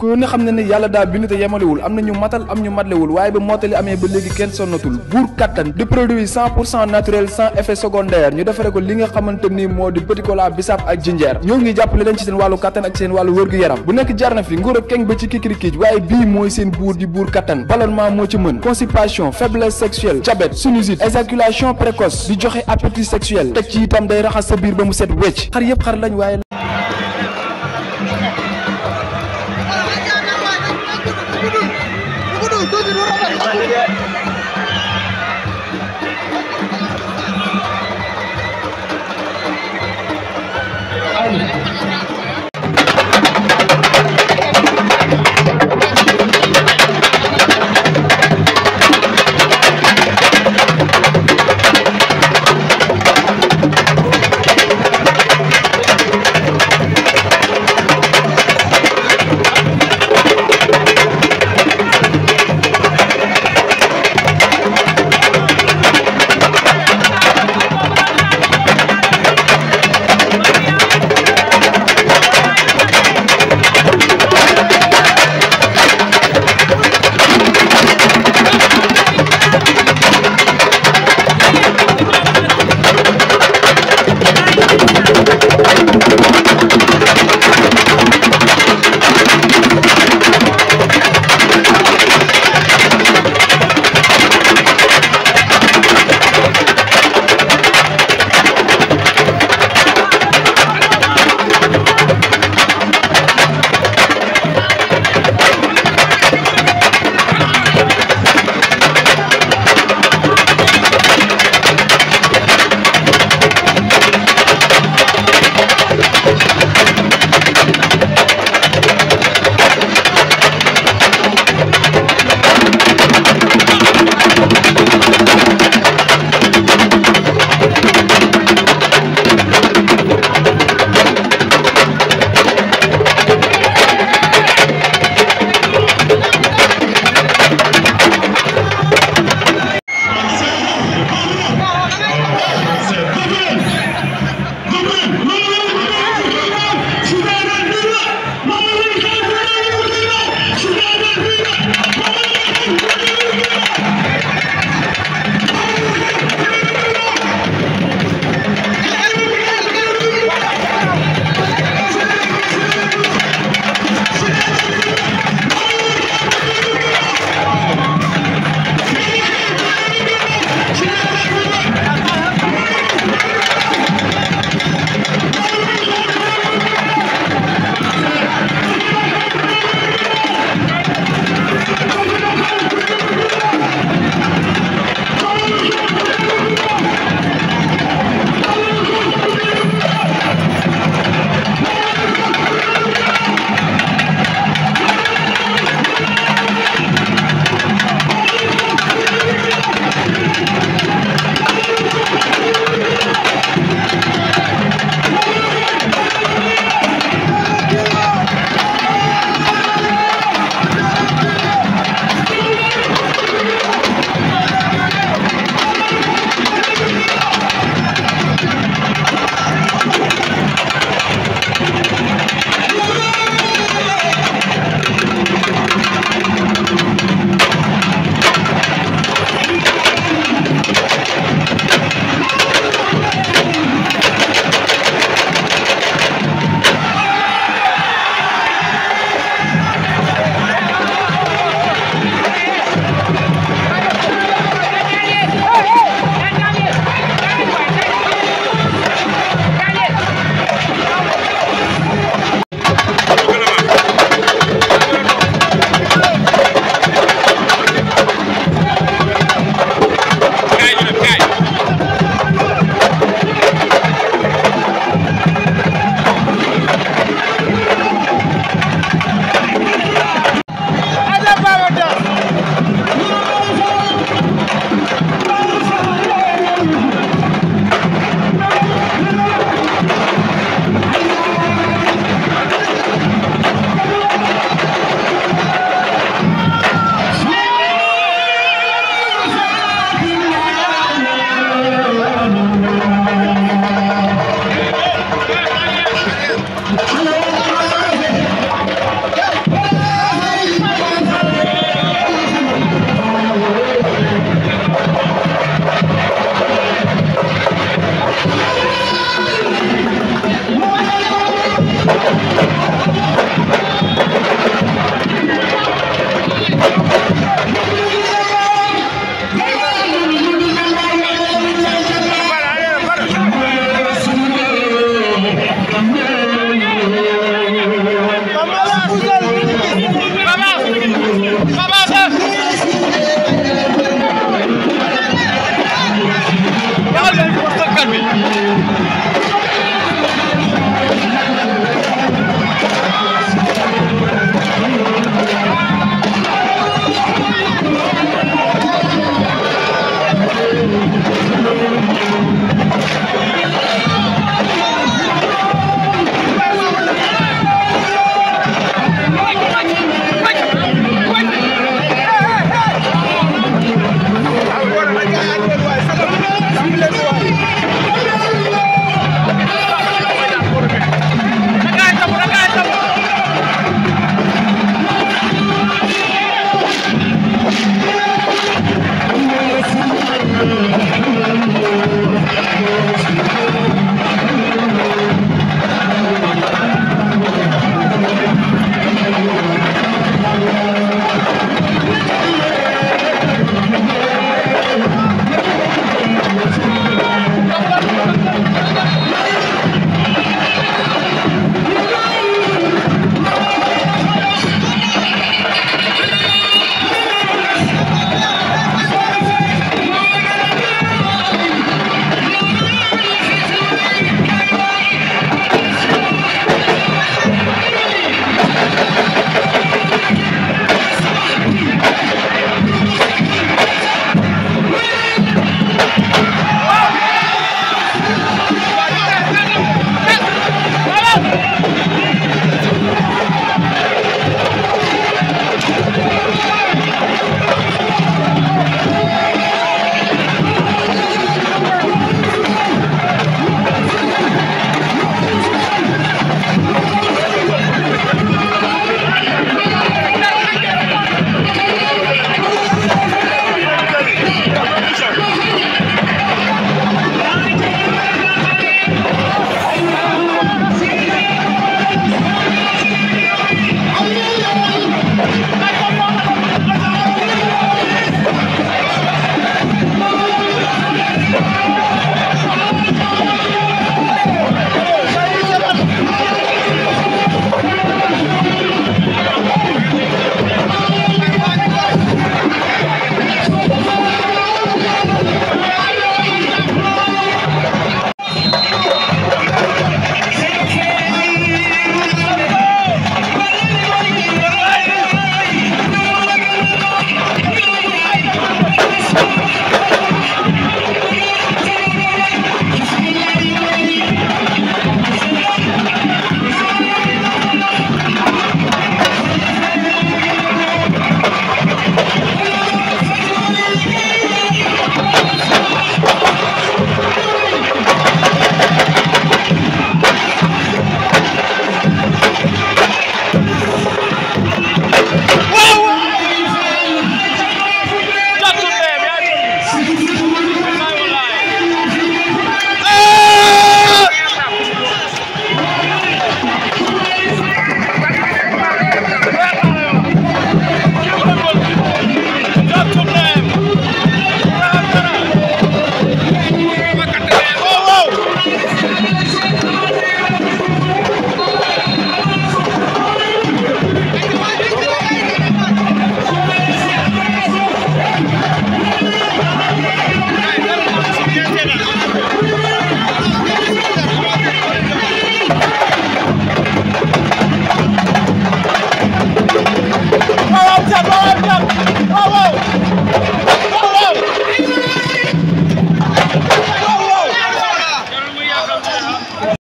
ku ne xam ne ne yàlla daa bind te yemalewul am na ñu matal am ñu matlewul waaye ba mottali amee ba léegi kenn sonnatul buur kattan di produit cent pour cent naturel sans effet secondaire ñu defare ko li nga xamante ni moo di petit cola bisaab ak jinjeer ñoo ngi jàppale leen ci seen wàllu kattan ak seen wàllu wërgu yaram bu nekk jarna fi nguur ak keng ba ci kikirikiij waaye bii mooy seen buur di buur kattan ballonnement moo ci mën constipation précoce di joxe appétit sexuel teg day raxas sa biir ba mu set wecc xar yëpp Thank you.